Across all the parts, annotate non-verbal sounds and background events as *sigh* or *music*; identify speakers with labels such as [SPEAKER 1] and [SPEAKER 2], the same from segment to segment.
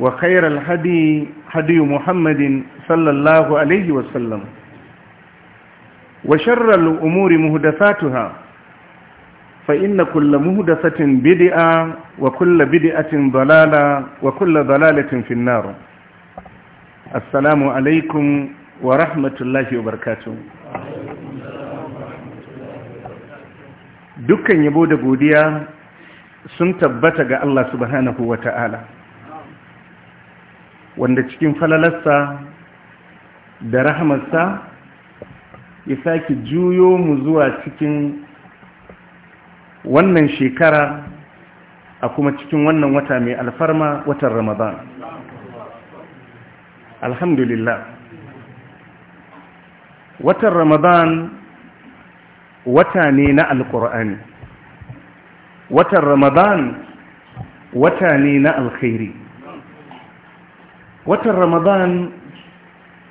[SPEAKER 1] وخير الهدي هدي محمد صلى الله عليه وسلم وشر الأمور مهدفاتها فإن كل مهدفة بدئة وكل بدئة ضلالة وكل ضلالة في النار السلام عليكم ورحمة الله وبركاته dukkan yabo da godiya sun tabbata ga Allah subhanahu wa ta'ala wanda cikin falalarsa da rahamarsa ya sake juyo mu zuwa cikin wannan shekara a kuma cikin wannan wata mai alfarma watan ramadan alhamdulillah watan ramadan wata ne na alkur'ani watan ramadan wata ne na alkhairi watan ramadan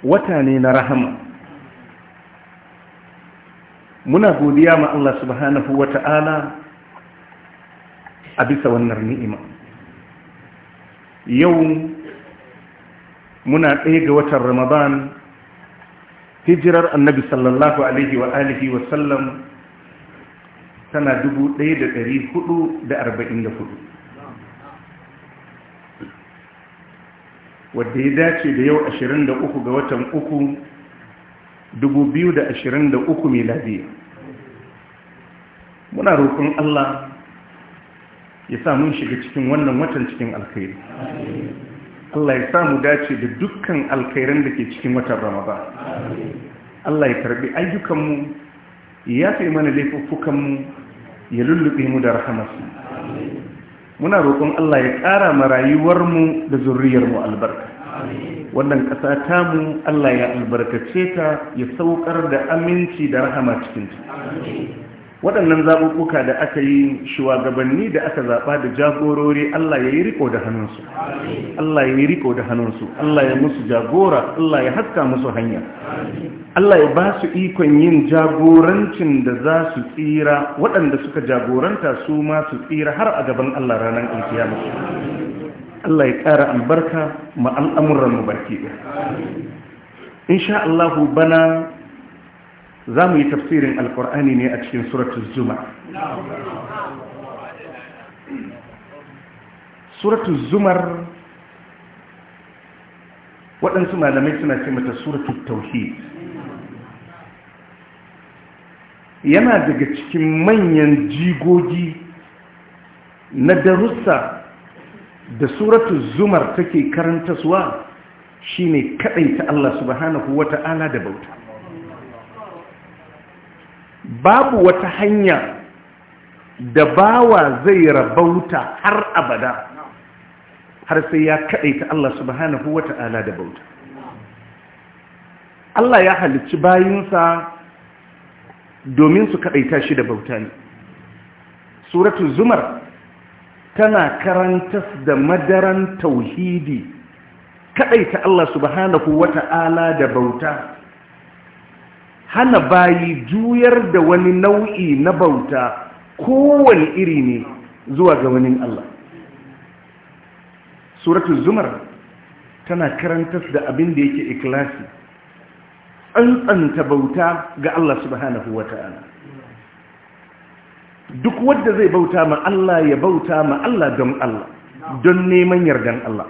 [SPEAKER 1] wata ne na rahama muna godiya ma Allah subhanahu wa ta'ala a bisa wannan ni'ima yau muna ɗaya ga watan ramadan hijirar annabi sallallahu alaihi wa alihi wa sallam tana huɗu. wadda ya dace da yau 23 ga watan 3 2023 muna roƙon Allah ya samu shiga cikin wannan watan cikin alkhairi Allah ya samu dace da dukkan alkhairan da ke cikin watan Ramadan Allah ya karbi ayyukanmu ya fi mana laifuffukanmu ya lullube mu da rahamarsu muna roƙon Allah ya ƙara ma rayuwarmu da zurriyarmu albarka wannan ƙasa tamu Allah ya albarkace ta ya saukar da aminci da rahama cikinta waɗannan zaɓuɓɓuka da aka yi shugabanni da aka zaɓa da jagorori Allah ya yi riƙo da hannunsu Allah ya yi riko da hannunsu Allah ya musu jagora Allah ya haska musu hanya Allah ya ba su ikon yin jagorancin da za su tsira waɗanda suka jagoranta su ma su tsira har a gaban Allah ranar alkiyama Allah ya ƙara albarka ma al'amuran mu baki ɗaya insha Allah bana za mu yi tafsirin Alƙur'ani ne a cikin suratul zuma suratul zumar waɗansu malamai suna ce mata suratul tauhid yana daga cikin manyan jigogi na darussa da suratu zumar take karantaswa shine ta Allah subhanahu wata'ala da bauta babu wata hanya da bawa zai rabauta har abada har sai ya ta Allah subhanahu wata'ala da bauta Allah ya halicci bayinsa domin su kaɗaita shi da bauta ne suratu zumar tana karantas da madaran tauhidi kaɗaita Allah subhanahu wata'ala da bauta hana bayi juyar da wani nau'i na bauta kowane iri ne zuwa ga wani Allah suratu zumar tana karantas da abin da yake ikilasi tsantsanta bauta ga Allah subhanahu wa ta'ala duk wadda zai bauta ma Allah ya bauta ma Allah don Allah don neman yardan Allah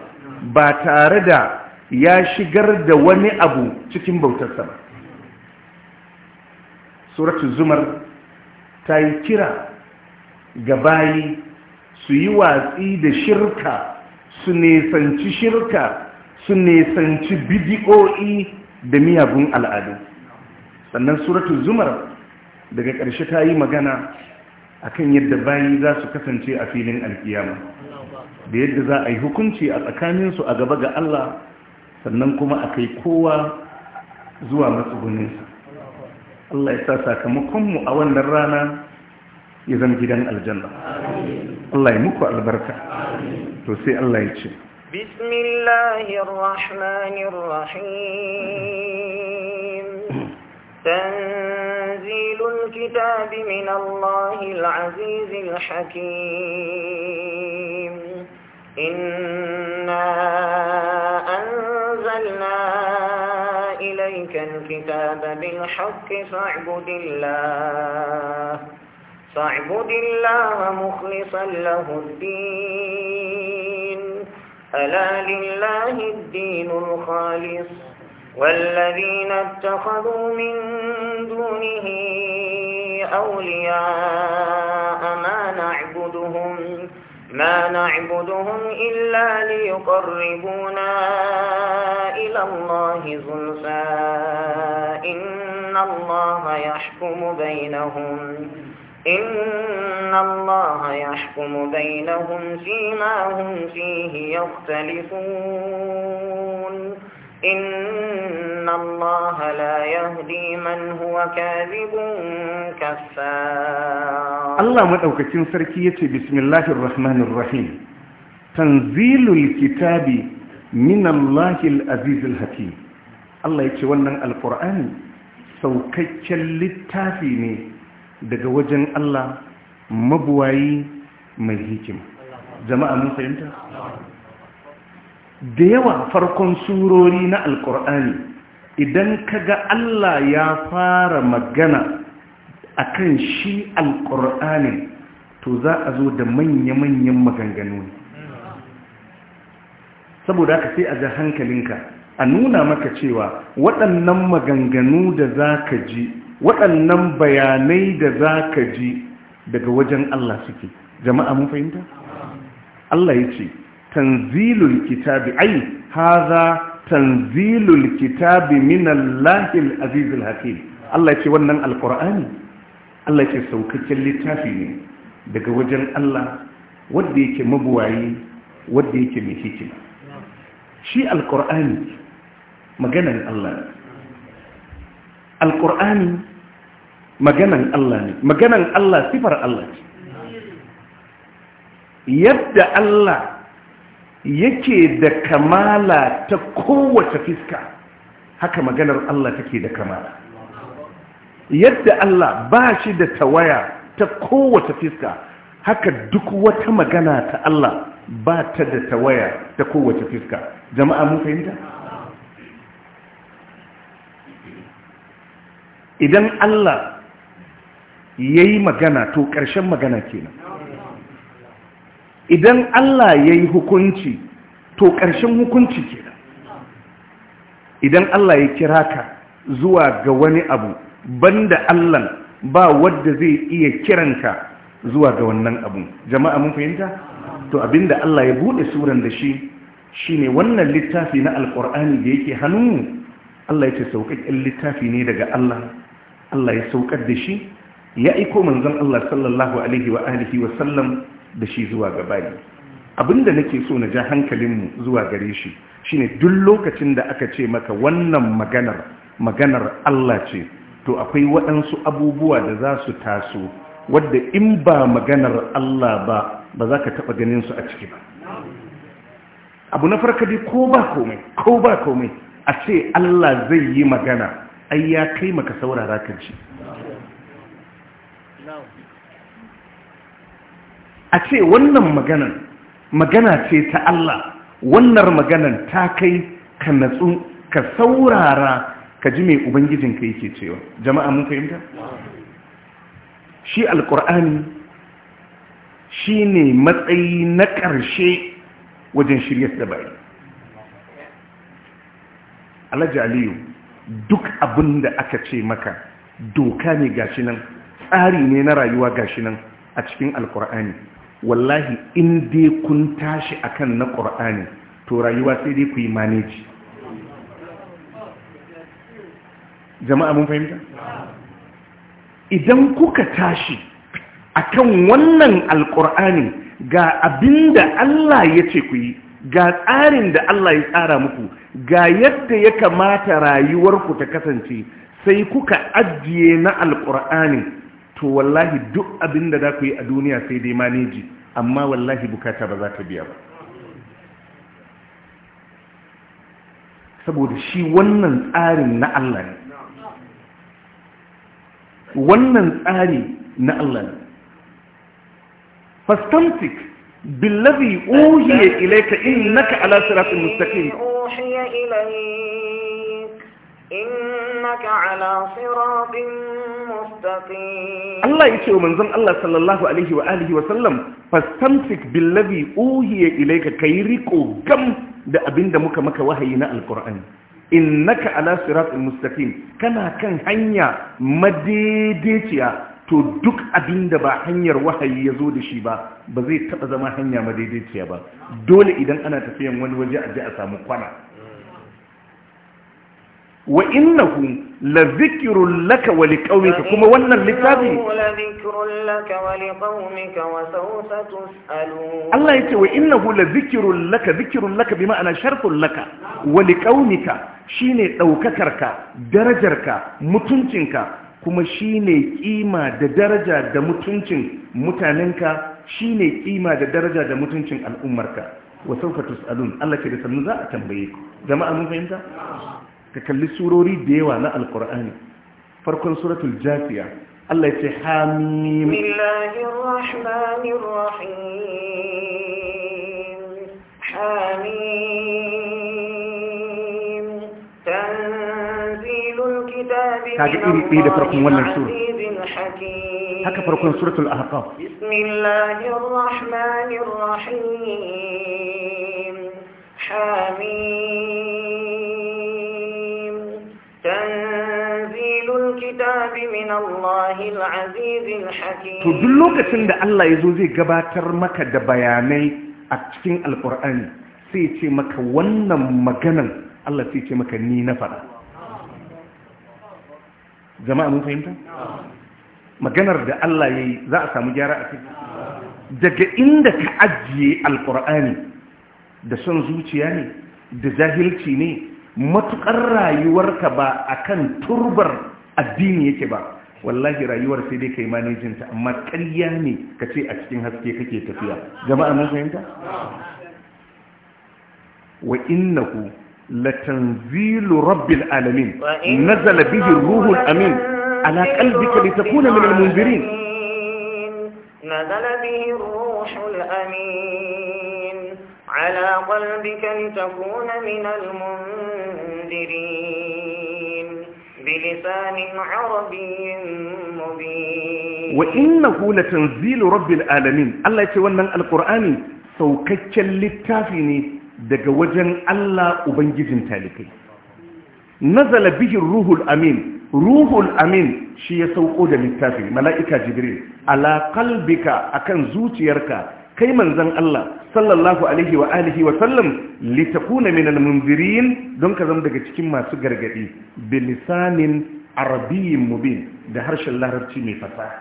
[SPEAKER 1] ba tare da ya shigar da wani abu cikin bautarsa ba suratul zumar ta yi kira ga bayi su yi watsi da shirka su nesanci shirka su nesanci bidi'o'i da miyagun al'adu sannan suratun zumar daga ƙarshe ta yi magana a kan yadda bayi za su kasance a filin alkiyama da yadda za a yi hukunci a tsakaninsu a gaba ga Allah sannan kuma a kai kowa zuwa matsuguninsa Allah ya sa sakamakonmu a wannan rana ya zama gidan aljanna Allah ya muku albarka to sai Allah ya ce
[SPEAKER 2] بسم الله الرحمن الرحيم *clears throat* تنزيل الكتاب من الله العزيز الحكيم إنا أنزلنا إليك الكتاب بالحق فاعبد الله فاعبد الله مخلصا له الدين ألا لله الدين الخالص والذين اتخذوا من دونه أولياء ما نعبدهم ما نعبدهم إلا ليقربونا إلى الله زلفى إن الله يحكم بينهم إن الله يحكم بينهم فيما هم فيه يختلفون إن الله لا يهدي من هو كاذب كفار الله
[SPEAKER 1] مدعوك سركية بسم الله الرحمن الرحيم تنزيل الكتاب من الله العزيز الحكيم الله يتولى القرآن سوكتش اللتافي daga wajen Allah mabuwayi mai hikima jama'a mun fahimta da yawa farkon surori na alkur'ani idan ka ga Allah ya fara magana akan shi alkur'ani to za a zo da manya-manyan maganganu saboda ka sai a ga hankalinka a nuna maka cewa waɗannan maganganu da za ka ji waɗannan bayanai da za ka ji daga wajen Allah suke jama'a mun fahimta? Allah ya ce tanzilul kitabi ai haza tanzilul kitabi minallahil azizul hakim Allah ya ce wannan alqur'ani Allah ya ce saukakken littafi ne daga wajen Allah wanda yake mabuwayi wanda yake mai hikima shi alqur'ani maganan Allah alqur'ani maganan Allah ne maganan Allah sifar Allah ce yadda Allah yake da kamala ta kowace fiska haka maganar Allah take da kamala yadda Allah ba shi da tawaya ta kowace fiska haka duk wata magana ta Allah ba ta da tawaya ta kowace fiska jama'a mun fahimta idan Allah ya yi magana to ƙarshen magana kenan idan Allah ya yi hukunci to ƙarshen hukunci kenan idan Allah ya kira ka zuwa ga wani abu banda Allah ba wadda zai iya kiranka zuwa ga wannan abu jama'a mun fahimta to abinda Allah ya bude suran da shi shine wannan littafi na alqur'ani da yake hannu. Allah ya ce sauƙaƙƙen littafi ne daga Allah Allah ya sauƙar da shi ya aiko manzon Allah sallallahu alaihi wa alihi wa sallam da shi zuwa ga bayi abinda nake so na ja mu zuwa gare shi shine duk lokacin da aka ce maka wannan maganar maganar Allah ce to akwai waɗansu abubuwa da za su taso wadda in ba maganar Allah ba ba za ka taɓa ganin su a ciki ba abu na farka dai ko ba komai ko ba komai a ce Allah zai yi magana ai ya kai maka saurara kan shi a ce wannan maganan magana ce ta Allah wannan maganan ta kai ka natsu ka saurara ka ji mai ubangijinka yake cewa jama'a mun fahimta shi alkur'ani shi ne matsayi na ƙarshe wajen shirya da bayi alhaji aliyu duk abin da aka ce maka doka ne gashi nan tsari ne na rayuwa gashi nan a cikin alkur'ani wallahi in dai kun tashi akan na ƙur'ani to rayuwa sai dai ku yi maneji jama'a mun fahimta idan kuka tashi akan wannan alƙur'ani ga abinda Allah ya ce ku yi ga tsarin da Allah ya tsara muku ga yadda ya kamata rayuwarku ta kasance sai kuka ajiye na alƙur'ani to wallahi duk abin da za ku yi a duniya sai dai maneji amma wallahi bukata ba za ta biya ba saboda shi wannan tsarin na Allah ne wannan tsari na Allah ne fastamtik billazi uhiya ilayka innaka ala siratin mustaqim
[SPEAKER 2] uhiya ilayka innaka ala siratin Allah
[SPEAKER 1] ya ce wa manzon Allah sallallahu Alaihi wa fastamtik billabi uhiye ilaika ka yi riko gam da abinda muka maka wahayi na alkur'ani innaka ala siratul mustaqim kana kan hanya madaidaiciya to duk abinda ba hanyar wahayi ya zo da shi ba ba zai taɓa zama hanya madaidaiciya ba dole idan ana tafiyan wani waje a je a samu kwana wa innahu la zikrun laka wa liqaumika kuma wannan littafi
[SPEAKER 2] Allah yace wa innahu
[SPEAKER 1] la zikirun laka zikirun laka bi ma'ana shartun laka wa liqaumika shine daukakarka darajarka mutuncinka kuma shine kima da daraja da mutuncin mutanenka shine kima da daraja da mutuncin al'ummarka wa sawfa tus'alun Allah ke da sannu za a tambaye ku jama'a mun fahimta ka kalli surori da yawa na alkur'ani farkon suratul jafiya Allah ya ce hamim
[SPEAKER 2] billahir rahmanir rahim hamim tanzilul kitabi kaga iri ɗaya da farkon wannan sura
[SPEAKER 1] haka farkon suratul ahqaf
[SPEAKER 2] bismillahir rahmanir rahim hamim to duk
[SPEAKER 1] lokacin da Allah ya zo zai gabatar maka da bayanai a cikin alkur'ani sai ce maka wannan maganan Allah sai ce maka ni na fada jama'a mun fahimta maganar da Allah ya yi za a samu gyara a cikin daga inda ka ajiye Alƙur'ani da son zuciya ne da jahilci ne matuƙar rayuwarka ba a kan turbar addini yake ba wallahi rayuwar sai dai kai manejin ta amma ƙarya ne ka ce a cikin haske kake tafiya jama'a mun fahimta wa innahu latanzilu rabbil alamin nazala bihi ruhul amin ala qalbika litakuna min almunzirin
[SPEAKER 2] nazala bihi ruhul amin ala qalbika litakuna min almunzirin بلسان عربي مبين
[SPEAKER 1] وإنه لتنزيل رب العالمين الله يتي wannan alqur'ani saukaccen littafi ne daga wajen Allah ubangijin talikai nazala bihin ruhul amin ruhul amin shi ya sauƙo da littafi mala'ika jibril ala qalbika akan zuciyarka kai manzon Allah sallallahu alaihi wa alihi wa sallam litakuna minal munzirin don ka zama daga cikin masu gargadi bilisanin arabiyyin mubin da harshen larabci mai fasaha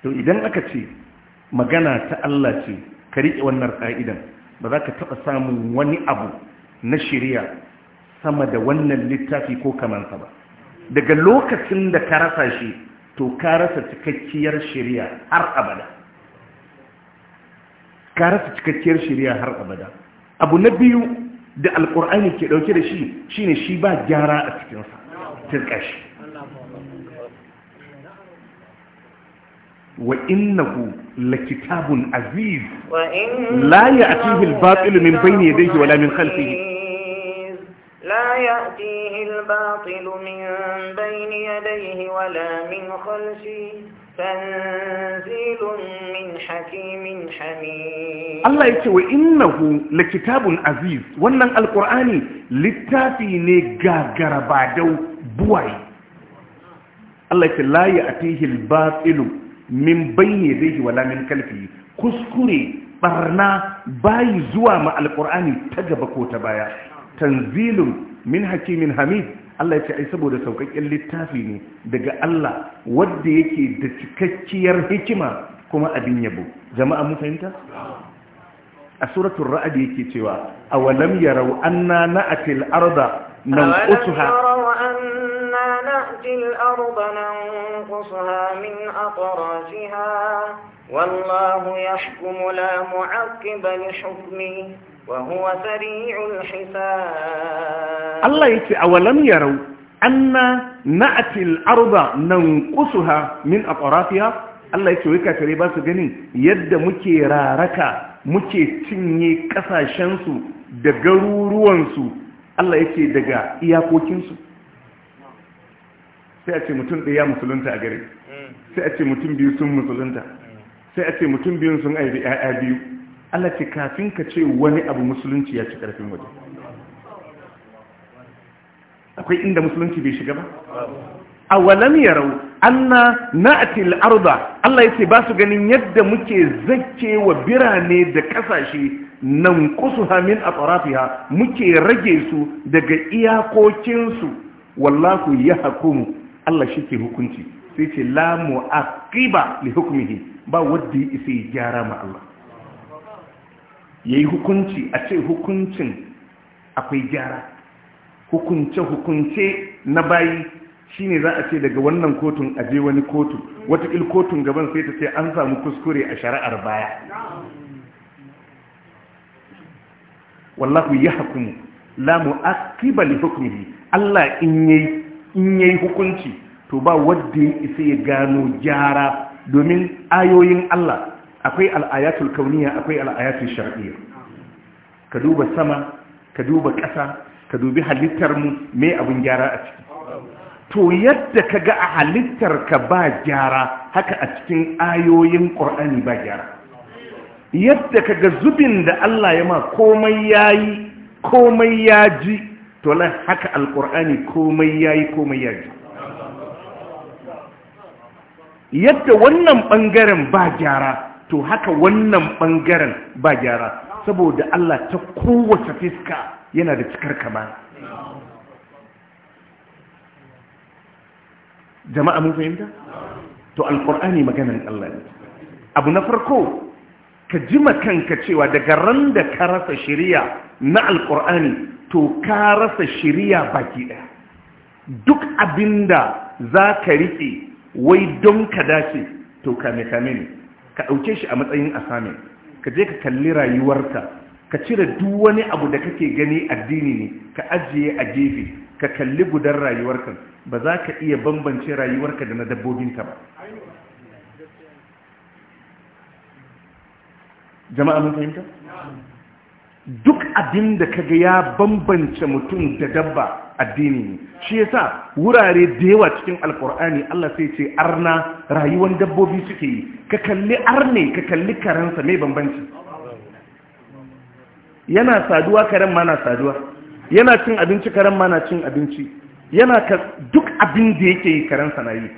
[SPEAKER 1] to idan aka ce magana ta Allah ce ka rike wannan ƙa'idan ba za ka taɓa samun wani abu na shirya sama da wannan littafi ko kamansa ba daga lokacin da ka rasa shi to ka rasa cikakkiyar shari'a har abada ka rasa cikakkiyar shari'a har abada abu na biyu da alkur'ani ke dauke da shi shine shi ba gyara a cikinsa tirka shi wa innahu lakitabun aziz la ya'tihi al-batil min bayni yadayhi wala min khalfihi
[SPEAKER 2] لا يأتيه الباطل من بين يديه ولا من خلفه تنزيل من حكيم حميد الله
[SPEAKER 1] يتوى إنه لكتاب عزيز وأن القرآن للتافي نقاقر بعده بواي Allah ce la ya atihi al-batilu min bayni yadihi wala min kuskure barna bayi zuwa ma Alƙur'ani ta gaba ko ta baya tanzilun min hakimin hamid Allah ya ce ai saboda sauƙaƙƙen littafi ne daga Allah wanda yake da cikakkiyar hikima kuma abin yabo jama'a mun fahimta a suratul ra'd yake cewa awalam yarau anna na'til arda nanqusuha
[SPEAKER 2] نأتي الأرض ننقصها من أطرافها والله يحكم لا معقب لحكمه وهو سريع الحساب
[SPEAKER 1] الله يتي أولم يروا أن نأتي الأرض ننقصها من أطرافها الله يتي ويكا تريبا سجني يد مكي راركا مكي تنيي كسا شنسو دقرورونسو الله يتي دقا إياكوكينسو sai a ce mutum ɗaya musulunta a gare sai a ce mutum sai a ce mutum biyun sun aibi ‘ya'ya biyu Allah ce kafin ka ce wani abu musulunci ya ci ƙarfin waje akwai inda musulunci bai shiga ba a walam yarau anna na'til arda Allah yace ba su ganin yadda muke zake wa birane da kasashe nan kusuha min atrafiha muke rage su daga iyakokin su wallahu yahkum Allah shi ke hukunci sai ce la mu'aqiba li hukmihi ba wadda ya isa ya gyara ma Allah ya yi hukunci a ce hukuncin akwai gyara hukunce-hukunce na bayi shi ne za a ce daga wannan kotun a je wani kotu watakil kotun gaban sai ta ce an samu kuskure a shari'ar baya wallahu ya hukumu la mu'aqqiba li hukmihi Allah in yayi hukunci to ba wadda ya isa ya gano gyara domin ayoyin Allah akwai al'ayatul kauniya akwai al'ayatul shar'iyya ka duba sama ka duba ƙasa ka dubi halittar mu abin gyara a ciki to yadda ka ga a halittar ka ba gyara haka a cikin ayoyin ƙur'ani ba gyara yadda ka ga zubin da Allah ya ma komai ya yi, komai ya ji to haka alƙur'ani komai ya yi, komai ya ji yadda wannan ɓangaren ba gyara to haka wannan ɓangaren ba gyara saboda Allah ta kowace fiska yana da cikar kama jama'a mun fahimta to alkur'ani maganan Allah ne abu na farko ka ji kanka cewa daga ran da ka rasa shiriya na alkur'ani to ka rasa shiriya baki ɗaya duk abinda za ka riƙe wai don ka dace to kame kame ne ka ɗauke shi a matsayin asami ka je ka kalli rayuwarka ka cire duk wani abu da kake gani addini ne ka ajiye a gefe ka kalli gudan rayuwarka ba za ka iya bambance rayuwarka da na dabbobinka ba jama'a mun fahimta duk abin da kaga ya bambance mutum da dabba addini ne shi yasa wurare da yawa cikin alkur'ani Allah sai ce arna rayuwar dabbobi suke yi ka kalli arne ka kalli karansa mai bambanci yana saduwa karen ma na saduwa yana cin abinci karen ma na cin abinci yana ka duk abin da yake yi karansa na yi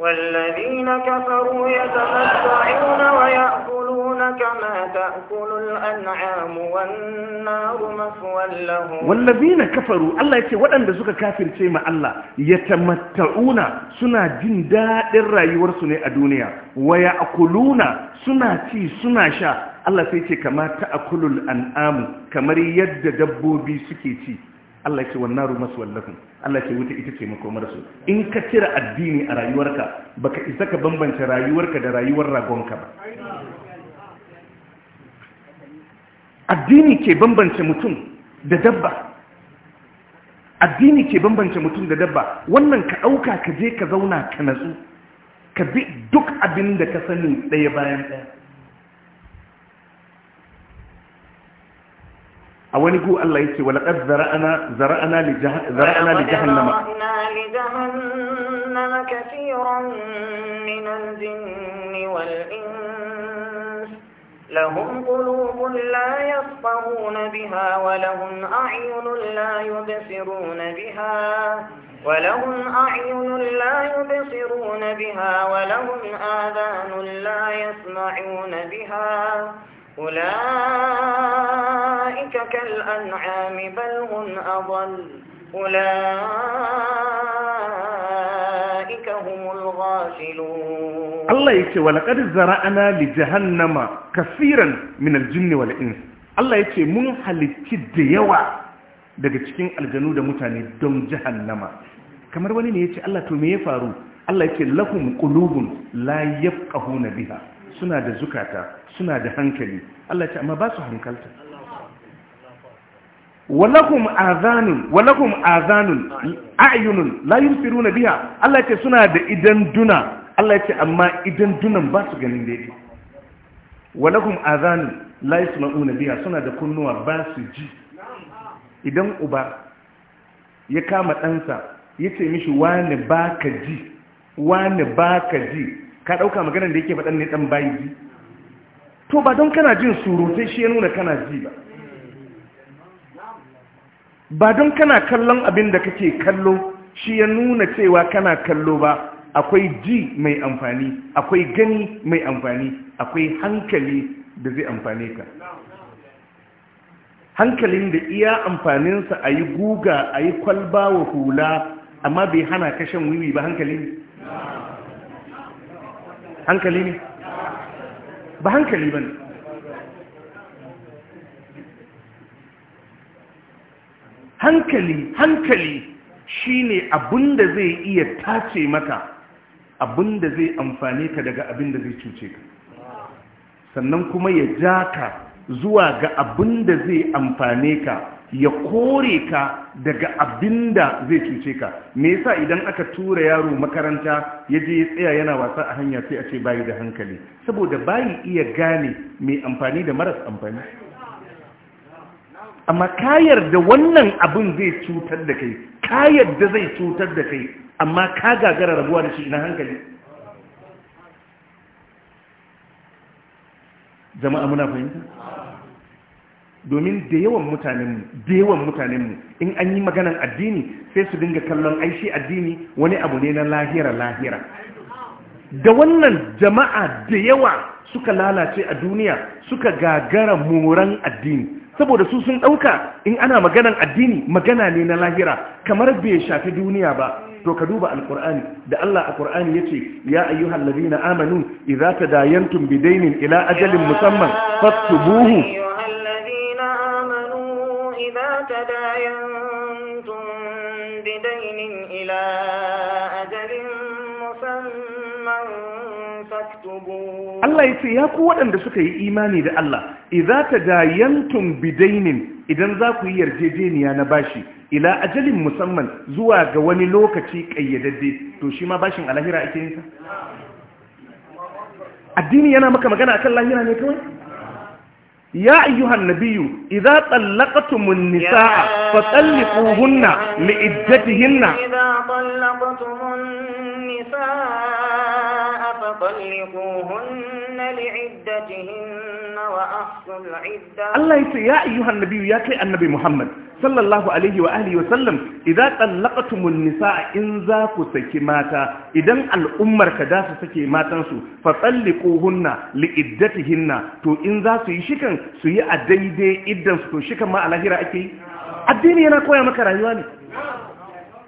[SPEAKER 2] والذين كفروا يتمتعون ويأكلون wanda biyu kafaru Allah
[SPEAKER 1] ya ce waɗanda suka kafirce ma Allah ya tamatta'una suna jin daɗin rayuwarsu ne a duniya waya akuluna suna ci suna sha Allah sai ce kama ta akulul an'amu kamar yadda dabbobi suke ci Allah ce wannan ruwa masu wallafin Allah ce wuta ita ce makomar su in ka cire addini a rayuwarka baka isa ka bambance rayuwarka da rayuwar ragonka ba addini ke bambance mutum da dabba addini ke bambance mutum da dabba wannan ka ɗauka ka je ka zauna ka natsu ka bi duk abin da ka sani ɗaya bayan ɗaya a wani gu Allah yake wa laqad zara'ana zara'ana li jahannama
[SPEAKER 2] zara'ana li لهم قلوب لا يفقهون بها ولهم أعين لا يبصرون بها ولهم أعين لا يبصرون بها ولهم آذان لا يسمعون بها أولئك كالأنعام بل هم أضل أولئك هم الغافلون Allah
[SPEAKER 1] ya ce walaƙar zara'ana li jahannama kafiran min aljinni wal ins Allah ya ce mun halitti da yawa daga cikin aljanu da mutane don jahannama kamar wani ne ya ce Allah to me ya faru Allah ya ce lahum qulubun la yafqahuna biha suna da zukata suna da hankali Allah ya ce amma ba su hankalta walakum azanun walakum azanun a'yunun la yubsiruna biha Allah ya ce suna da idan duna Allah ya ce amma idan dunan ba su ganin daidai walahum azanu la yasma'una biya suna da kunnuwa ba su ji idan uba ya kama ɗansa ya ce mishi wani ba ka ji wani ba ka ji ka ɗauka maganar da yake faɗan ne ɗan bayi ji to ba don kana jin surutai shi ya nuna kana ji ba ba don kana kallon abin da kake kallo shi ya nuna cewa kana kallo ba akwai ji mai amfani akwai gani mai amfani akwai hankali da zai amfane ka hankalin da iya amfaninsa a yi guga a yi kwalba wa hula amma bai hana ka shan wiwi ba hankali ne hankali ne ba hankali ba ne hankali hankali shine abinda zai iya tace maka abin da zai amfane ka daga abin da zai cuce ka sannan kuma ya ja ka zuwa ga abin da zai amfane ka ya kore ka daga abin da zai cuce ka me yasa idan aka tura yaro makaranta ya je ya tsaya yana wasa a hanya sai a ce bayi da hankali saboda bayi iya gane mai amfani da maras amfani amma kayar da wannan abin zai cutar da kai kayar da zai cutar da kai amma ka gagara rabuwa da shi ina hankali jama'a muna fahimta domin da yawan mutanenmu da yawan mutanenmu in an yi maganan addini sai su dinga kallon aishi addini wani abu ne na lahira lahira da wannan jama'a da yawa suka lalace a duniya suka gagara moran addini saboda su sun ɗauka in ana maganan addini magana ne na lahira kamar bai shafi duniya ba to ka duba alqur'ani da Allah a qur'ani yace ya ayyuhal ladina amanu idza tadayantum bidaynin ila ajalin musamman faktubuhu
[SPEAKER 2] تداينتم بدين إلى Allah ya
[SPEAKER 1] ce ya ku waɗanda suka yi imani da Allah idza tadayantum bidainin idan za ku yi yarjejeniya na bashi ila ajalin musamman zuwa ga wani lokaci kayyadadde to shi ma bashin alahira ake yin sa addini yana maka magana akan lahira ne kawai ya ayyuhan nabiyyu idza tallaqtumun nisaa fatalliquhunna liiddatihinna idza tallaqtumun
[SPEAKER 2] nisaa Allah ya
[SPEAKER 1] ce, “Ya ayyuhan nabi ya kai annabi Muhammad, sallallahu Alaihi wa Alaihi wa idan tsallakatumun nisa a in za ku saki mata, idan al’ummar ka da su sake matansu, fa tsalliko hunna li’iddatihinna, to in za su yi shikan su yi a daidai iddansu, to shikan ma’alahira ake yi? Addini yana koya maka rayuwa ne.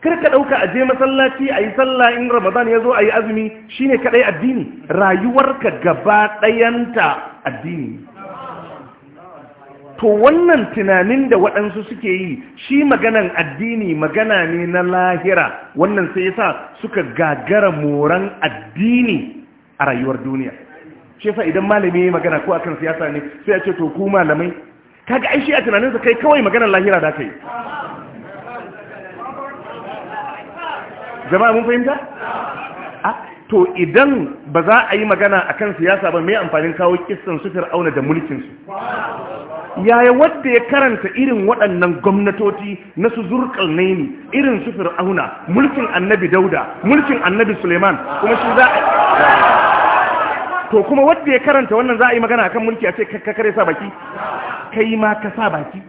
[SPEAKER 1] kar ka ɗauka a je masallaci a yi sallah in ramadan ya zo a yi azumi shine kaɗai addini rayuwarka gaba ɗayanta addini to wannan tunanin da waɗansu suke yi shi maganan addini magana ne na lahira wannan sai yasa suka gagara moran addini a rayuwar duniya shi yasa idan malami ya magana ko akan siyasa ne sai ya ce to ku malamai kaga ai shi a tunaninsa kai kawai maganar lahira da yi. jama'a mun fahimta to idan ba za a yi magana a kan siyasa ba mai amfanin kawo kistan su fir'auna da mulkinsu yaya wadda ya karanta irin waɗannan gwamnatoci na su zurkal naini irin su fir'auna mulkin annabi dauda mulkin annabi suleiman kuma shi za a to kuma wadda ya karanta wannan za a yi magana a kan mulki a ce kakakare sa baki kai ma ka sa baki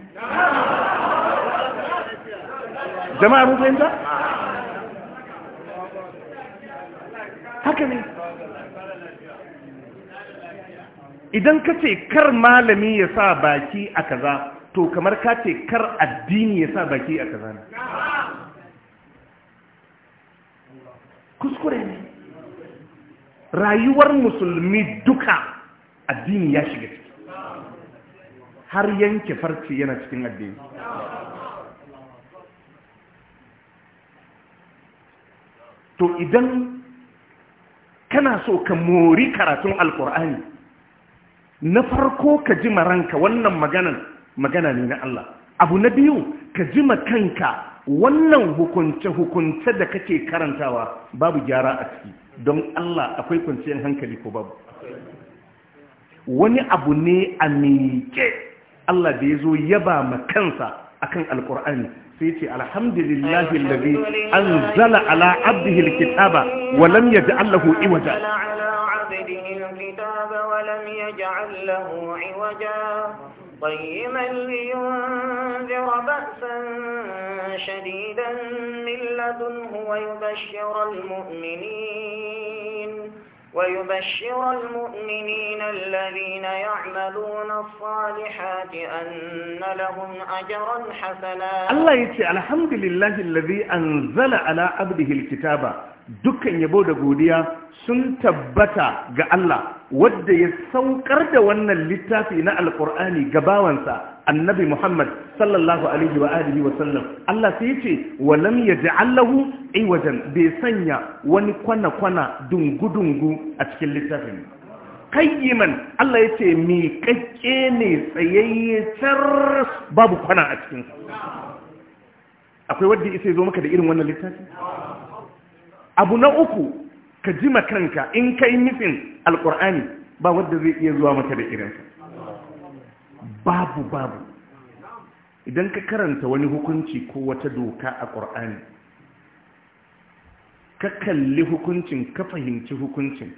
[SPEAKER 3] jama'a mun fahimta haka ne
[SPEAKER 1] idan ka ce kar malami ya sa baki a kaza to kamar ka ce kar addini ya sa baki a kaza ne kuskure ne rayuwar musulmi duka addini ya shiga ciki har yanke farce yana cikin addini to idan kana so ka mori karatun alkur'ani na farko ka ji maranka wannan maganan magana ne na Allah abu na biyu ka ji kanka wannan hukunce-hukunce da kake karantawa babu gyara a ciki don Allah akwai kwanciyar hankali ko babu wani abu ne a miƙe Allah da ya zo yaba ma kansa akan alkur'ani سيتي الحمد لله الذي انزل على عبده الكتاب ولم يجعل له عوجا
[SPEAKER 3] ولم
[SPEAKER 2] يجعل له عوجا قيما لينذر بأسا شديدا من لدنه ويبشر المؤمنين ويبشر المؤمنين الذين يعملون الصالحات أن لهم أجرا حسنا
[SPEAKER 1] الله يتي الحمد لله الذي أنزل على عبده الكتاب دك يبود قوديا سنتبتا قال الله ود يسوكرد وأن اللتافين القرآن قباوانسا annabi Muhammad sallallahu alaihi wa alihi wa sallam Allah sai yace walam yaj'alahu iwajan bai sanya wani kwana kwana dungu dungu a cikin littafin qayyiman Allah ya ce mi kakke ne tsayayye tar babu kwana a cikin akwai wanda isa zo maka da irin wannan littafi abu na uku ka jima kanka in kai nufin alqur'ani ba wanda zai iya zuwa maka da irinsa babu babu idan ka karanta wani hukunci ko wata doka a ƙur'ani ka kalli hukuncin ka fahimci hukuncin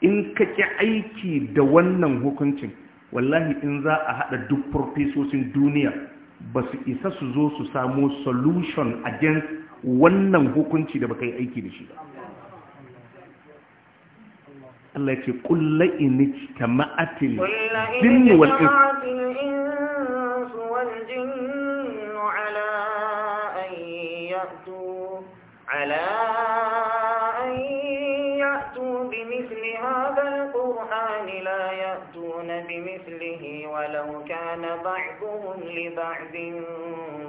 [SPEAKER 1] in ka ƙi aiki da wannan hukuncin wallahi in za a haɗa duk farfesosin duniya ba su isa su zo su samo solution against wannan hukunci da ka yi aiki da shi ba Allah ya ce kulla ini tama'atil jinni wal
[SPEAKER 2] insu wal jinni bimislihi walau kana ba'dhum li
[SPEAKER 3] ba'din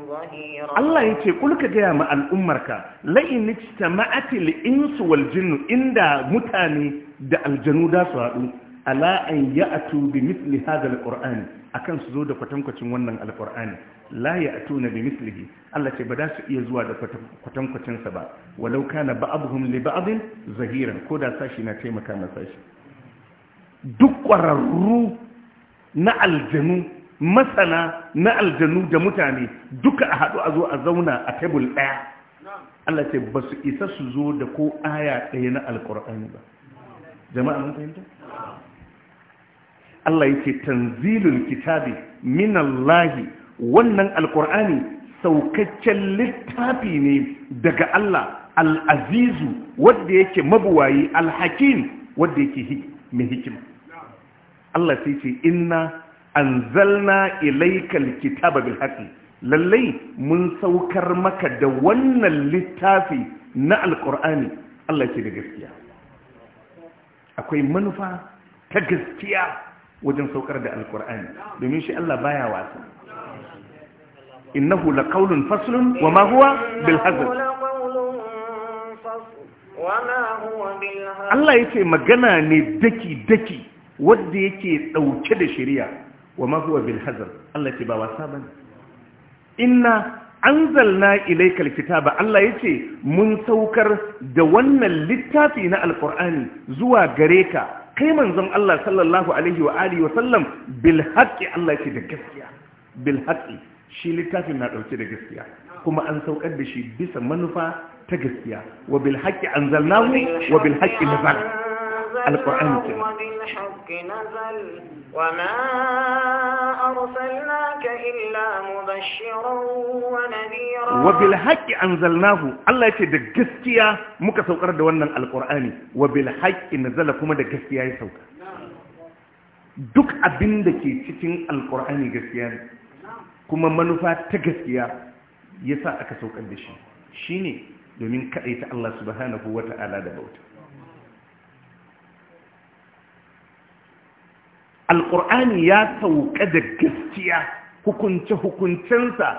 [SPEAKER 3] zahira Allah yace kulka
[SPEAKER 1] ga yamu al'ummarka la in ijtama'ati al-insu wal inda mutane da aljanu da su hadu ala an ya'tu bimithli hadha al-qur'an akan su zo da kwatankwacin wannan al-qur'an la ya'tuna bimithlihi Allah ce ba da su iya zuwa da kwatankwacinsa ba walau kana ba'dhum li ba'din zahira ko da sashi na taimaka ma sashi. duk ƙwararru na aljanu masana na aljanu da mutane duka a haɗu a zo a zauna a tebul ɗaya Allah ce ba su isa su zo da ko aya ɗaya na alƙur'ani ba jama'a mun fahimta Allah yake tanzilul kitabi minallahi wannan alƙur'ani saukaccen littafi ne daga Allah al'azizu wadda yake mabuwayi alhakim wadda yake mai hikima Allah sai ce inna anzalna ilaikal kitaba bil haqqi lallai mun saukar maka da wannan littafi na alqur'ani Allah ce da gaskiya akwai manufa ta gaskiya wajen saukar da alqur'ani domin shi Allah baya wasa innahu laqawlun faslun wama huwa bil hazl
[SPEAKER 2] Allah ya ce magana
[SPEAKER 1] ne daki-daki Wadda yake dauke da shari'a wa ma huwa bil hazal Allah ce ba wasa bane inna anzalna ilaykal kitaba Allah yace mun saukar da wannan littafi na alqur'ani zuwa gare ka kai manzon Allah sallallahu alaihi wa alihi wa sallam bil haqqi Allah ce da gaskiya bil haqqi shi littafin na dauke da gaskiya kuma an saukar da shi bisa manufa ta gaskiya wa bil haqqi anzalnahu wa bil haqqi nazala alqur'ani ke وما
[SPEAKER 2] أرسلناك إلا مبشرا ونذيرا وبالحق
[SPEAKER 1] أنزلناه الله يتي muka saukar da wannan alqur'ani وبالحق نزل kuma da gaskiya ya duk abin da ke cikin Alƙur'ani gaskiya ne kuma manufa ta gaskiya yasa aka saukar da shi shine domin kaɗai ta Allah subhanahu wata'ala da bauta alƙur'ani ya sauka da gaskiya hukunce-hukuncensa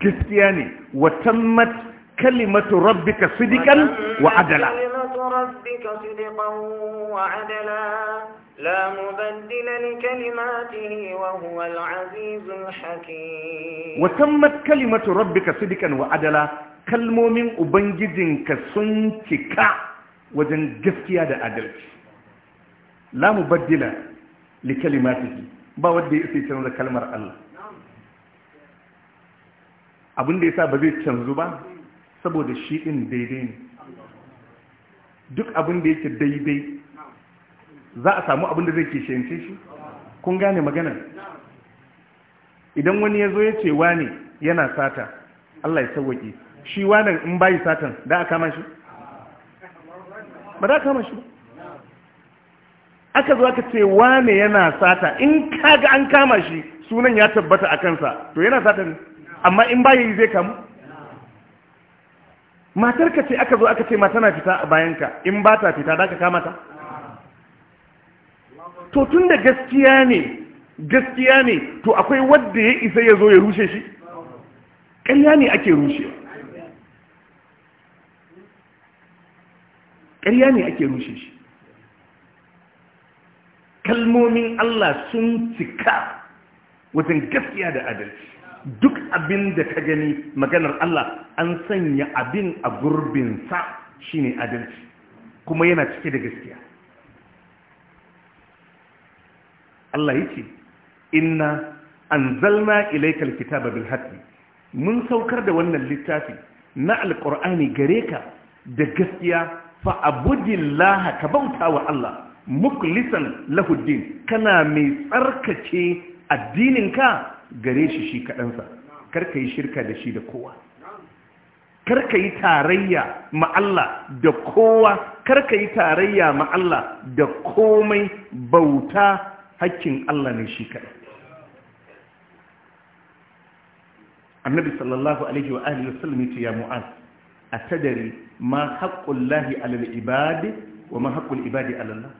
[SPEAKER 1] gaskiya ne watammat kalimatu rabbika sidikan wa adala
[SPEAKER 2] لا مبدل لكلماته وهو العزيز الحكيم وتمت
[SPEAKER 1] كلمة ربك صدقا وعدلا كلمومين أبنجدنك سنتك وجن جفتيا likalimatihi ba wanda ya sai canza kalmar Allah abin da yasa ba zai canzu ba saboda shi din daidai ne duk abin da yake daidai za a samu abin zai ke shayance shi kun gane magana idan wani ya zo ya ce wane yana sata Allah ya sauwaƙe shi wanan in bayi satan da a kama shi ba da kama shi ba aka zo aka ce wane yana sata in kaga an kama shi sunan ya tabbata a kansa to yana sata ne amma in ba yi zai kamu matar ka ce aka zo aka ce mata na fita a bayanka in ba ta fita da ka kama ta to tun da gaskiya ne gaskiya ne to akwai wadda ya isa ya zo ya rushe shi ƙarya ne ake rushe ƙarya ne ake rushe shi kalmomin Allah sun cika wajen gaskiya da adalci duk abin da ka gani maganar Allah an sanya abin a gurbinsa shine adalci kuma yana cike da gaskiya Allah ce inna zalma ilaikal kitaba bil haqqi mun saukar da wannan littafi na alqur'ani gare ka da gaskiya fa abudillaha ka bauta wa Allah muklisan lahuddin kana mai tsarkace addininka gare shi shi kaɗansa karka yi shirka da shi da kowa karka yi tarayya ma'alla da kowa karka yi tarayya ma'alla da komai bauta hakkin Allah ne shi kaɗai annabi sallallahu alaihi wa alihi wasallam yace ya mu'az atadari ma haqqullahi alal ibadi wa ma haƙƙun ibadi alallah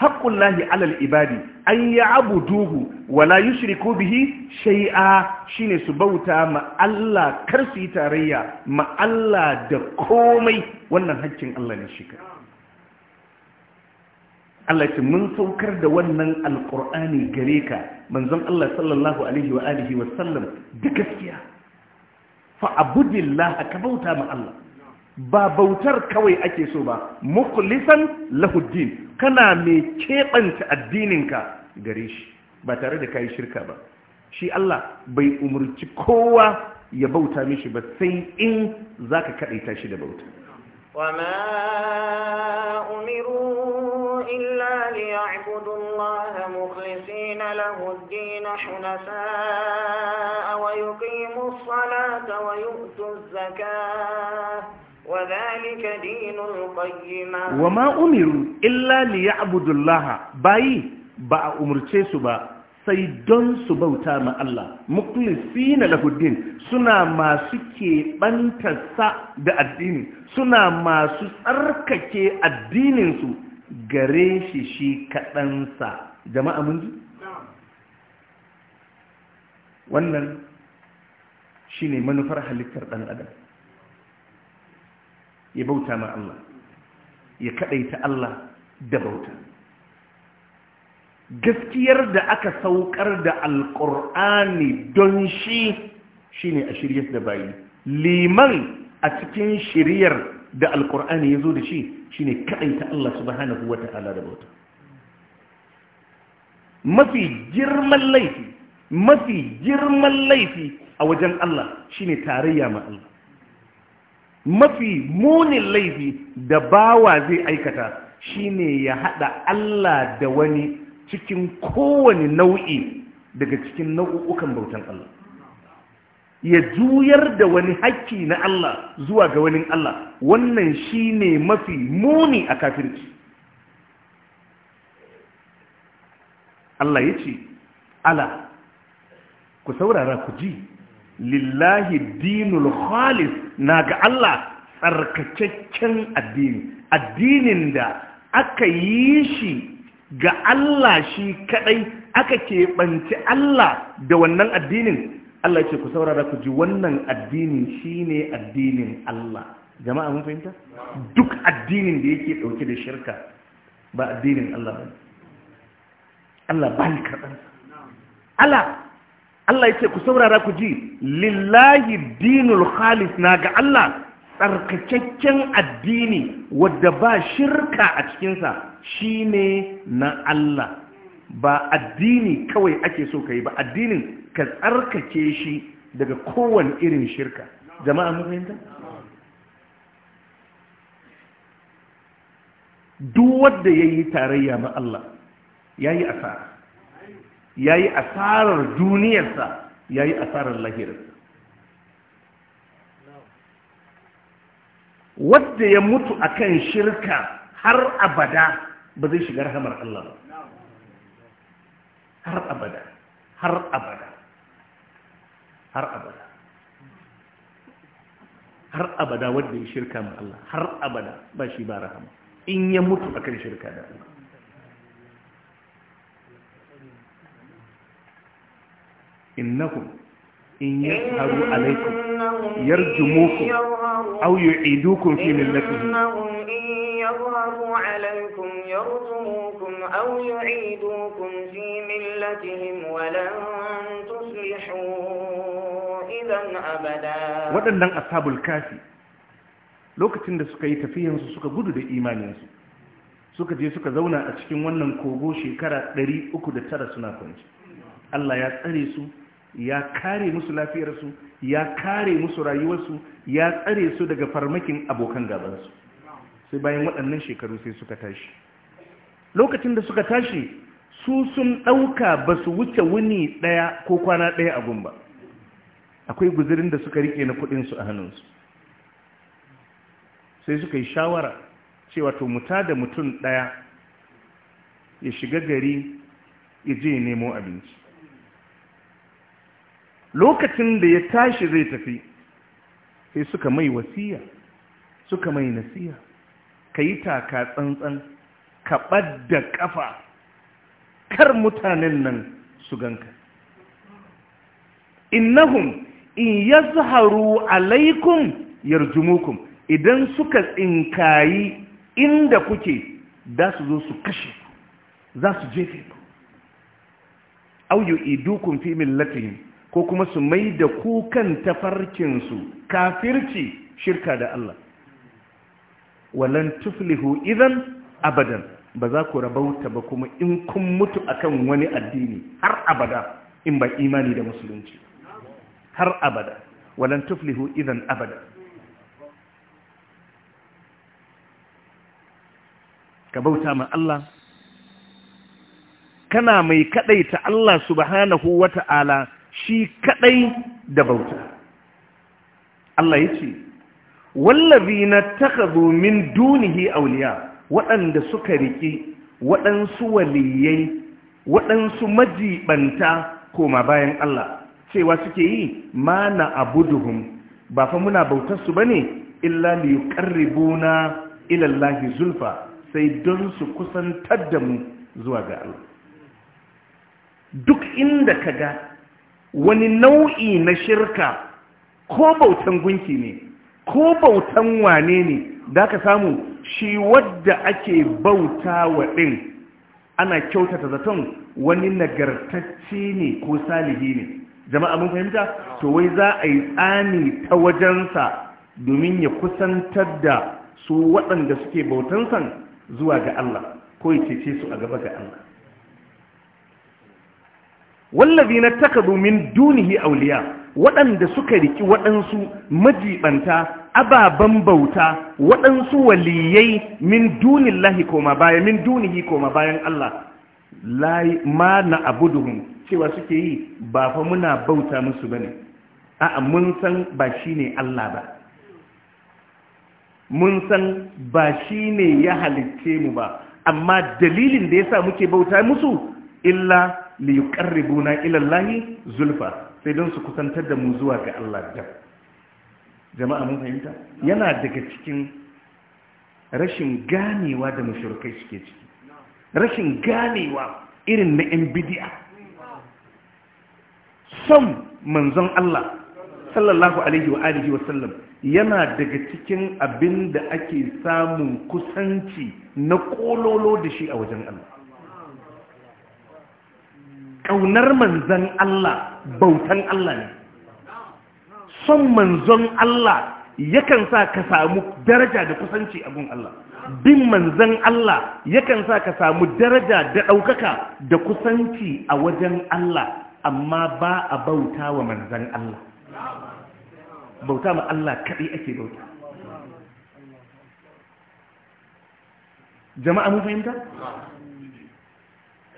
[SPEAKER 1] haƙƙun lahi alal ibadi an yi abu duhu wala yi ko bihi shai'a shi ne su bauta ma'alla kar su yi tarayya ma'alla da komai wannan haƙƙin Allah ne shi Allah ce mun saukar da wannan alƙur'ani gare ka manzon Allah sallallahu alaihi wa alihi wa sallam da gaskiya fa abudillah ka bauta ma Allah ba bautar kawai ake so ba mukhlisan lahuddin kana mai keɓanta addininka gare shi ba tare da kayi shirka ba shi Allah bai umurci kowa ya bauta mishi ba sai in zaka kadaita shi da bauta wama
[SPEAKER 2] umiru illa liya'budu Allah mukhlisina lahu ad-din hunafa wa yuqimu as-salata wa yu'tu az-zakata Wa ma القيمة وما
[SPEAKER 1] Abudullaha إلا ليعبدوا الله باي با su ba, sai don su bauta ma Allah mukulisi na lahuddin suna masu keɓantarsa da addini suna masu tsarkake addininsu gare shi shi kaɗansa jama'a mun ji? wannan shi ne manufar halittar ɗan adam ya bauta ma Allah ya kadaita Allah da bauta gaskiyar da aka saukar da alkur'ani don shi shine a shiryar da bayi liman a cikin shiryar da alkur'ani ya zo da shi shine kaɗaita Allah subhanahu wa ta'ala da bauta mafi girman laifi mafi girman laifi a wajen Allah shine tarayya ma Allah mafi munin laifi da bawa zai aikata shine ya haɗa Allah da wani cikin kowane nau'i daga cikin nau'ukan bautan Allah ya juyar da wani haƙƙi na Allah zuwa ga wani Allah wannan shine mafi muni a kafirci Allah ya ce ala ku saurara ku ji lillahi dinul khalis na ga Allah tsarkakakken addini addinin da aka yi shi ga Allah shi kadai aka keɓanci Allah da wannan addinin Allah ce ku saurara ku ji wannan shi shine addinin Allah jama'a mun fahimta duk addinin da yake dauke da shirka ba addinin Allah ba Allah ni karɓar Allah Allah ya ce ku saurara ku ji lillahi dinul khalis na ga Allah tsarkakakken addini wadda ba shirka a cikinsa shi ne na Allah ba addini kawai ake so ka yi ba addinin ka tsarkake shi daga kowane irin shirka jama'a mafahimta? duk duk ya yi tarayya ma Allah ya yi asara ya yi asarar duniyarsa ya yi asarar lahirarsa wadda ya mutu akan shirka har abada ba zai shiga rahamar Allah ba har abada har abada har abada har abada wadda ya shirka ma Allah har abada ba shi ba rahama in ya mutu akan shirka da Allah innahum in yadharu alaykum yarjumukum aw yu'idukum fi millatihim
[SPEAKER 2] يظهروا عليكم يرجموكم أو يعيدوكم في ملتهم ولن إذا أبدا waɗannan
[SPEAKER 1] ashabul kafi lokacin da suka yi su suka gudu da imaninsu suka je suka zauna a cikin wannan kogo shekara 309 suna kwanci Allah ya tsare su ya kare musu lafiyarsu ya kare musu rayuwarsu ya tsare su daga farmakin abokan gabansu sai bayan waɗannan shekaru sai suka tashi lokacin da suka tashi su sun ɗauka ba su wuce wuni ɗaya ko kwana ɗaya a gumba akwai guzirin da suka rike na kuɗinsu a hannunsu sai suka yi shawara cewa to muta da mutum ɗaya ya shiga gari ya je nemo abinci lokacin da ya tashi zai tafi sai suka mai wasiya suka mai nasiya ka yi taka tsantsan ka ɓadda ƙafa kar mutanen nan su ganka innahum in ya zaharu alaikum yarjumukum idan suka tsinkayi inda kuke za su zo su kashe za su jefe ku au idukun fi millatihim ko kuma su mai da kukan tafarkinsu kafirci shirka da Allah walan tuflihu idan abadan ba za ku rabauta ba kuma in kun mutu akan wani addini har abada in ba imani da musulunci har abada walan tuflihu idan abada ka bauta ma Allah kana mai kadaita Allah subhanahu wata'ala shi kadai da bauta Allah ya ce wallazi na takazo min dunihi auliya waɗanda suka riƙe waɗansu waliyai waɗansu majibanta koma bayan Allah cewa suke yi ma na abuduhum ba fa muna bautarsu ba ne illa li yuqarribuna ila Allahi zulfa sai don su kusantar da mu zuwa ga Allah duk inda ka ga. wani nau'i na shirka ko bautan gunki ne ko bautan wane ne da aka samu shi wadda ake bauta wa ɗin ana kyautata zaton wani nagartacce ne ko salihi ne jama'a mun fahimta to wai za a yi tsani ta wajensa domin ya kusantar da su waɗanda suke bautansan zuwa ga Allah ko ya cece su a gaba ga Allah wallazi na takadu min dunihi auliya waɗanda suka riki waɗansu majiɓanta ababen bauta waɗansu waliyai min dunin lahi koma bayan min dunihi koma bayan Allah ma na abuduhun cewa suke yi ba fa muna bauta musu ba ne a mun san ba shi ne Allah ba mun san ba shi ne ya halicce mu ba amma dalilin da ya sa muke bauta musu illa li yuqarribuna ila llahi zulfa sai don su kusantar da mu zuwa ga Allah da jama'a mun fahimta yana daga cikin rashin ganewa da mushrikai suke ciki rashin ganewa irin na yan bid'a son manzon Allah sallallahu alaihi wa alihi wa sallam yana daga cikin abin da ake samun kusanci na kololo da shi a wajen Allah ƙaunar manzan Allah bautan Allah ne son manzon Allah yakan sa ka samu daraja da kusanci a gun Allah bin manzan Allah yakan sa ka samu daraja da ɗaukaka da kusanci a wajen Allah amma ba a bauta wa manzan Allah bauta ma Allah kaɗai ake bauta jama'a mun fahimta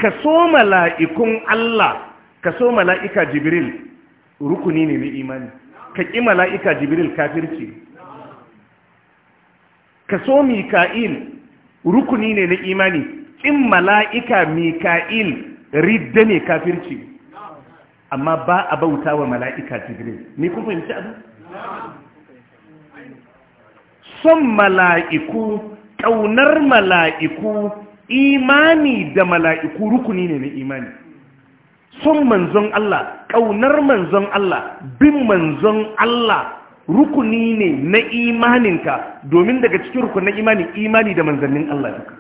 [SPEAKER 1] ka so mala'ikun Allah ka so mala'ika jibril rukuni ne na imani ka ƙi mala'ika jibril kafirci ka so mika'il rukuni ne na imani ƙin mala'ika mika'il ridda ne kafirci amma ba a bauta wa mala'ika jibril ne kun fahimci abu? son mala'iku ƙaunar mala'iku imani da mala'iku rukuni ne na imani son manzon Allah ƙaunar manzon Allah bin manzon Allah rukuni ne na imaninka domin daga cikin na imani imani da manzannin Allah duka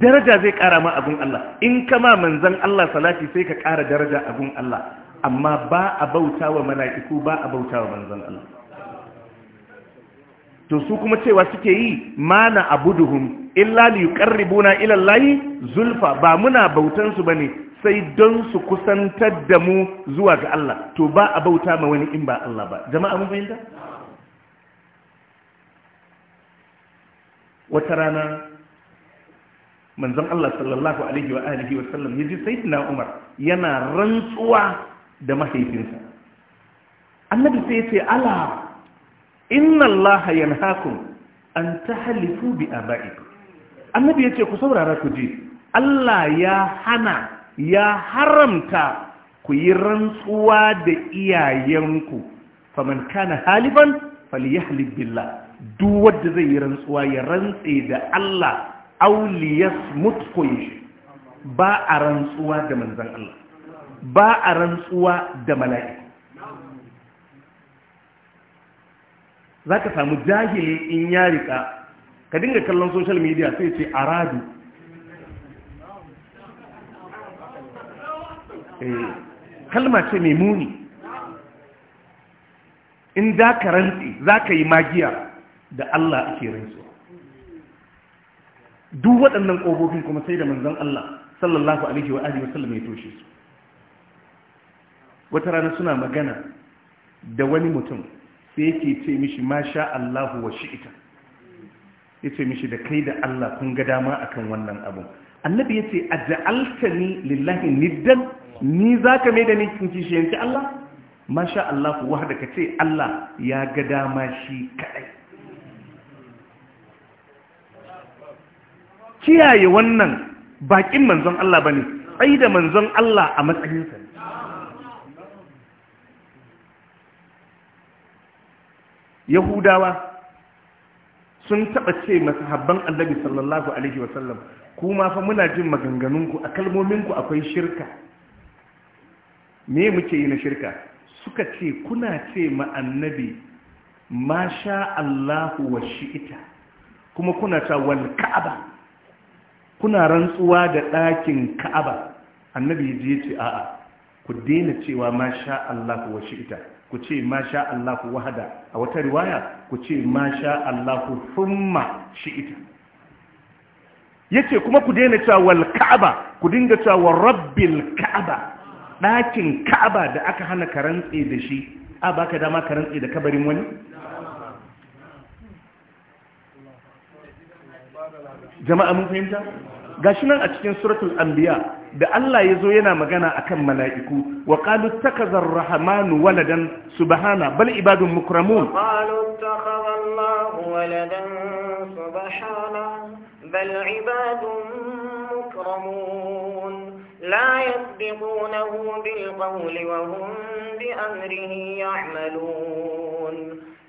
[SPEAKER 1] daraja zai ƙara ma abin Allah in ka ma manzon Allah salati sai ka ƙara daraja abin Allah amma ba a bauta wa mala'iku ba a bauta wa manzan Allah to su kuma cewa suke yi mana abuduhum illa li yuqarribuna ila llahi zulfa ba muna bautan su bane sai don su kusantar da mu zuwa ga Allah to ba a bauta ma wani in ba Allah ba jama'a mun fahimta wata rana manzon Allah sallallahu alaihi wa alihi wa sallam yaji sayyidina Umar yana rantsuwa da mahaifinsa annabi sai ya ce Allah inna allaha yanhaakum an tahlifu bi ba'i. annabi ce ku saurara ku ji Allah ya hana ya haramta ku yi rantsuwa da iyayenku faman kana halifan falyahlib billah duk wanda zai yi rantsuwa ya rantse da Allah auliyas mutkuyi ba a rantsuwa da manzan Allah ba a rantsuwa da mala'iku za ka samu jahili in ya rika ka dinga kallon social media sai ce aradu eh, kalma ce mai muni in za ka rantsi za ka yi magiya da Allah ake rantsu duk waɗannan ƙofofin kuma sai da manzon Allah sallallahu alaihi wa alihi sallam ya toshe su wata rana suna magana da wani mutum sai yake ce mishi masha Allahu wa shi'ita yace mishi da kai da Allah kun ga dama akan wannan abu annabi yace aj'altani lillahi niddan ni zaka mai da ni kin kishiyanci Allah masha Allahu wahda kace Allah ya ga dama shi kadai kiyaye wannan bakin manzon Allah bane sai da manzon Allah a matsayinsa yahudawa sun taɓa ce habban annabi sallallahu alaihi wasallam kuma fa muna jin maganganunku a kalmominku akwai shirka me muke yi na shirka suka ce kuna ce ma annabi ma sha Allahu wa shi'ita kuma kuna ta wal ka'aba kuna rantsuwa da ɗakin ka'aba annabi ya ce a'a ku daina cewa ma sha Allahu wa shi'ita ku ce masha Allahu wahada a wata riwaya ku ce masha Allahu thumma shi'ita yace kuma ku daina cewa wal ka'aba ku dinga cewa rabbil ka'aba ɗakin ka'aba da aka hana karantsi da shi a baka dama karantsi da kabarin wani jama'a mun fahimta gashi nan a cikin suratul anbiya da Allah ya zo yana magana akan mala'iku wa qalu takazzar rahmanu waladan subhana bal ibadun mukramun
[SPEAKER 2] qalu takazzar Allahu waladan subhana bal ibadun mukramun la yasbiqunahu bil qawli wa hum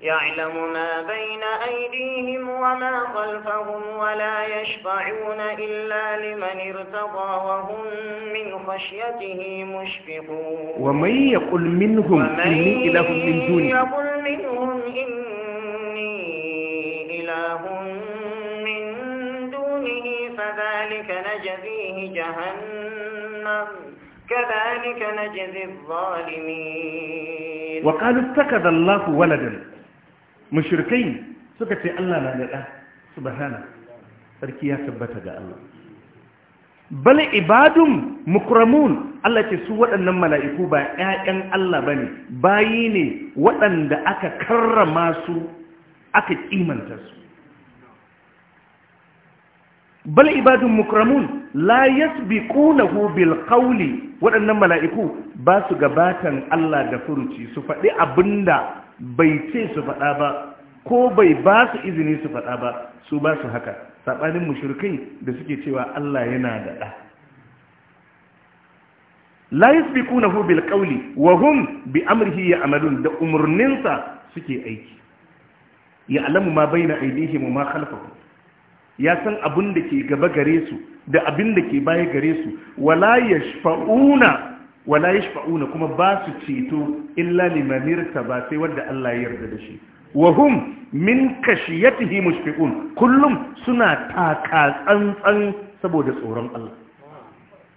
[SPEAKER 2] يعلم ما بين أيديهم وما خلفهم ولا يشفعون إلا لمن ارتضى وهم من خشيته مشفقون ومن
[SPEAKER 1] يقل منهم إني إله من دونه
[SPEAKER 2] يقل منهم إني إله من دونه فذلك نجزيه جهنم كذلك نجزي الظالمين
[SPEAKER 1] وقالوا اتخذ الله ولدا Mushirikai suka ce Allah na da ɗa subhana sarki ya tabbata ga Allah bala ibadun mukramun Allah ce su waɗannan mala'iku ba yayan Allah ba bane bayi ne waɗanda aka karrama su aka kimanta su bala ibadun mukramun la yasbiqunahu bil ƙauli waɗannan mala'iku ba su gabatan Allah da furuci su faɗi abinda bai ce su faɗa ba ko bai ba su izini su faɗa ba su ba su haka saɓanin mushrikai da suke cewa Allah yana da ɗa la yasbiqunahu bil qawli wa hum bi ya ya'malun da umarninsa suke aiki ya alamu ma bai na aydihim mu ma khalfahum ya san abin da ke gaba gare su da abin da ke baya gare su wala ya shafa'una wala yashfa'una kuma ba su ceto illa liman ba sai wadda Allah ya yarda da shi wahum hum min kashiyatihi mushfiqun kullum suna taka tsantsan saboda tsoron Allah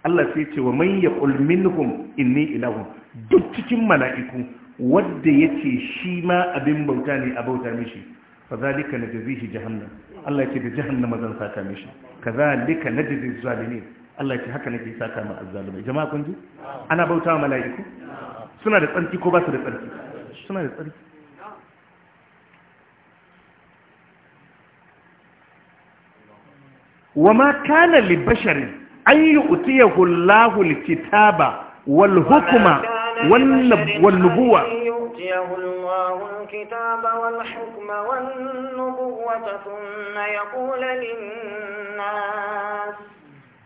[SPEAKER 1] Allah sai ce wa man yaqul minhum inni ilahun duk cikin mala'iku wanda yace shi ma abin bauta ne a bauta mishi fadhalika najzihi jahannam Allah ce da jahannama zan saka mishi kadhalika najzi zalimin Allah ya ce haka nake saka ma azzalumai jama'a kun ji ana bautawa mala'iku suna da tsarki ko ba su da tsarki suna da tsarki wama kana li basharin an yu'tiyahu Allahu al-kitaba wal hukma wal nubuwa
[SPEAKER 2] يؤتيه الله الكتاب والحكم والنبوة ثم يقول للناس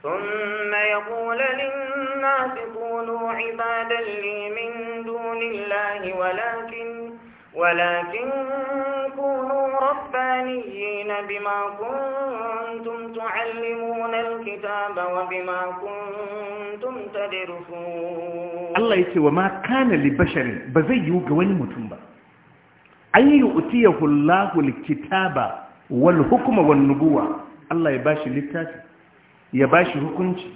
[SPEAKER 3] ثم
[SPEAKER 2] يقول للناس كونوا عبادا لي من دون الله ولكن ولكن كونوا ربانيين بما كنتم تعلمون
[SPEAKER 1] الكتاب وبما كنتم تدرسون الله يتي وما كان لبشر بزي يوغ وني متوم با ان يؤتيه الله الكتاب والحكم والنبوة الله يباشي للتاتي ya ba shi hukunci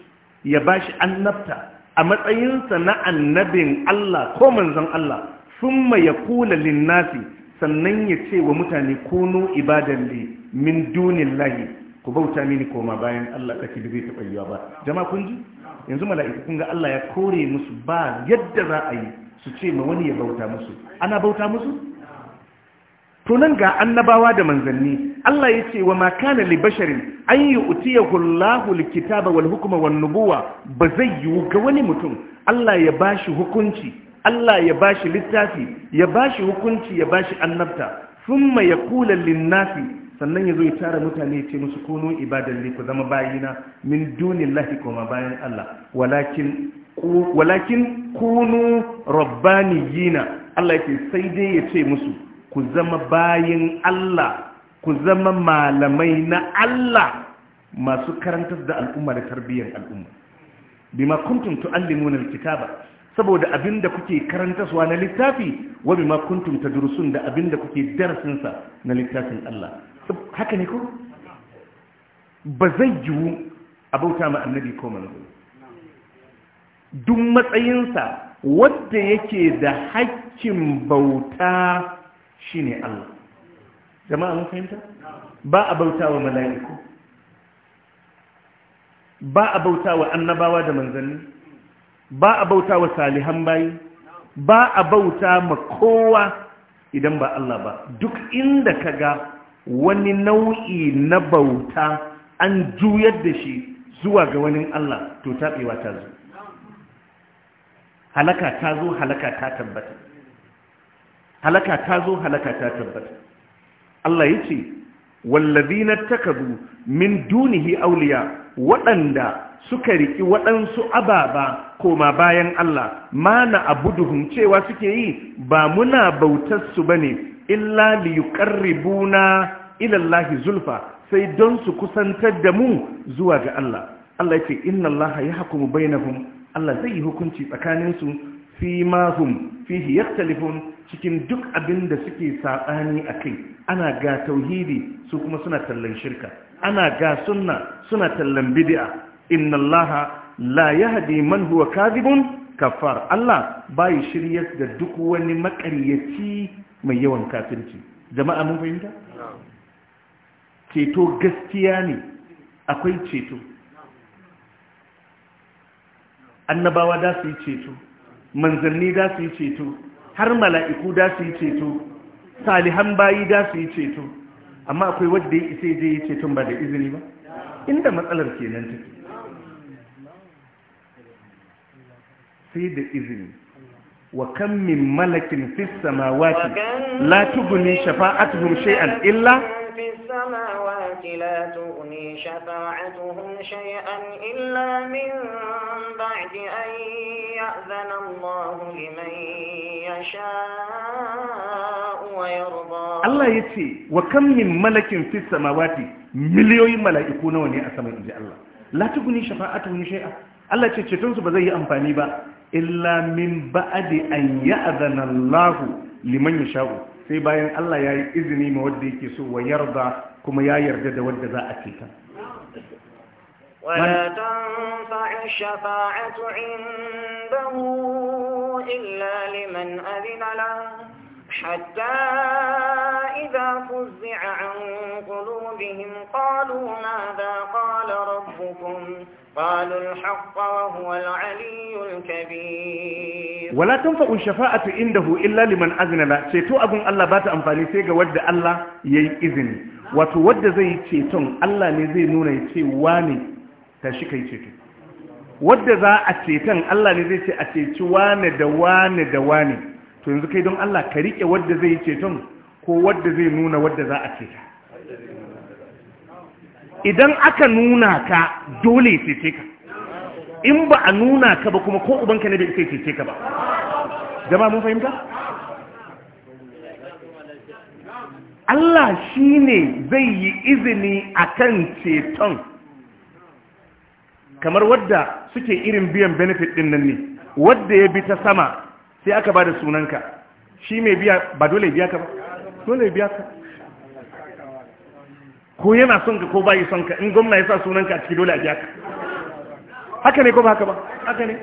[SPEAKER 1] ya ba shi annabta a matsayinsa na annabin Allah ko manzon Allah sun ya kula linnasi sannan ya ce wa mutane kunu ibadan li min lahi, ku bauta mini koma bayan Allah kake da zai taɓa yiwa ba jama'a kun ji yanzu mala'iku kun ga Allah ya kore musu ba yadda za a yi su ce ma wani ya bauta musu ana bauta musu to ga annabawa da manzanni Allah ya ce wa makana kana li basharin an yi Allahu likitaba wal hukma wan nubuwa ba zai yiwu ga wani mutum Allah ya bashi hukunci Allah ya bashi littafi ya bashi hukunci ya bashi annabta thumma yaqula lin-nasi sannan yazo ya tara mutane ya ce musu kunu ibadan li ku zama bayina min dunillahi kuma bayan Allah walakin walakin kunu rabbaniyina Allah ya ce sai dai ya ce musu ku zama bayin Allah ku zama malamai na Allah masu karantar da al'umma da tarbiyyar al'umma bima kuntum tu'allimuna alkitaba saboda abinda kuke karantaswa na littafi wa bima kuntum tadrusun da abinda kuke darasin sa na littafin Allah haka ne ko ba zai yiwu abauta ma annabi ko manzo duk matsayinsa wanda yake da haƙƙin bauta shi ne Allah jama'a mun fahimta ba a bauta wa mala'iku ba a bauta wa annabawa da manzanni ba a bauta wa salihan bayi ba a bauta ma kowa idan ba Allah ba duk inda ka ga wani nau'i na bauta an juyar da shi zuwa ga wani Allah to taɓewa ta zo halaka ta zo halaka ta tabbata halaka ta zo halaka ta tabbata Allah ya ce wallazina takardu min dunihi awliya waɗanda suka riki waɗansu ababa koma bayan Allah ma na abuduhum cewa suke yi ba muna bautar su bane illa yuqarribuna ila Allahi zulfa sai don su kusantar da mu zuwa ga Allah Allah ya ce inna Allah hukumu bainahum Allah zai yi hukunci tsakaninsu fi mahum fihi yaktalifun cikin duk abin da suke saɓani a kai ana ga tauhidi su kuma suna tallan shirka ana ga sunna suna tallan bid'a inna allaha la yahdi man huwa kadhibun kafar Allah bai shiryar da duk wani makaryaci mai yawan kafirci jama'a mun fahimta ceto gaskiya ne akwai ceto annabawa da su yi ceto manzanni da su yi ceto har mala'iku da su yi ceto salihan bayi da su yi ceto amma akwai wadda ya isa je yi ceton ba da izini ba inda matsalar kenan take sai da izini wa kan min malakin fis samawati la tughni shafa'atuhum shay'an illa
[SPEAKER 2] في السماوات ليأذن الله لمن يشاء ويرضى
[SPEAKER 1] الله يتي وكم من ملك في السماوات مليون ملائكة نوني أسمى إن الله لا تغني شفاعتهم شيئا الله يتي تشتنسوا بزي أمفاني با إلا من بعد أن يأذن الله لمن يشاء sai bayan Allah ya yi izini ma wadda yake so wa yarda kuma ya yarda da wadda za a ce ta
[SPEAKER 3] ولا
[SPEAKER 2] تنفع الشفاعة عنده إلا لمن أذن له
[SPEAKER 1] حتى إذا فزع عن قلوبهم قالوا ماذا
[SPEAKER 2] قال ربكم قالوا الحق وهو العلي الكبير ولا تنفع
[SPEAKER 1] الشفاعة عنده إلا لمن أذن له سيتو أبن الله بات أنفاني سيغا ود الله يي إذن وتود زي تيتون الله نزي نوني تيواني tashi kai ceto wadda za a ceton Allah ne zai ce a ceci wane da wane da wane to yanzu kai don Allah ka rike wadda zai ceton ko wadda zai nuna wadda za a ceta idan aka nuna ka dole cece ka in ba a nuna ka ba kuma ko ubanka ne bai sai cece ka ba jama mun fahimta Allah shi ne zai yi izini akan kan ceton kamar wadda suke irin biyan benefit din nan ne wadda ya bi ta sama sai aka ba da sunanka shi mai biya ba dole biya ka ba dole biya ka ko yana son ka ko bayi son ka in gwamna ya sa sunanka a ciki dole a biya ka haka ne ko ba haka ba haka ne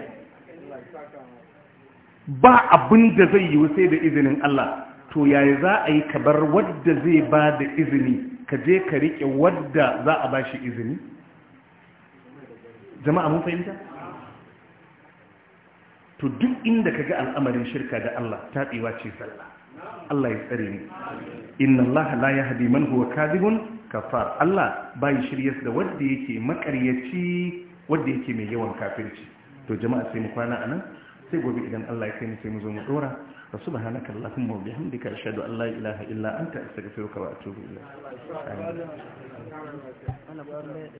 [SPEAKER 1] ba abin da zai yi sai da izinin Allah to yaya za a yi kabar wadda zai ba da izini ka je ka riƙe wadda za a ba shi izini jama'a mun fahimta to duk inda kaga al'amarin shirka da Allah tabewa ce sallah Allah ya tsare ni inna Allah la yahdi man huwa kadhibun kafar Allah bai shiryas da wanda yake makaryaci wanda yake mai yawan kafirci to jama'a sai mu kwana anan sai gobe idan Allah ya kai mu sai mu zo mu dora wa subhanaka allahumma wa bihamdika ashhadu an la ilaha illa anta astaghfiruka wa atubu
[SPEAKER 3] ilayk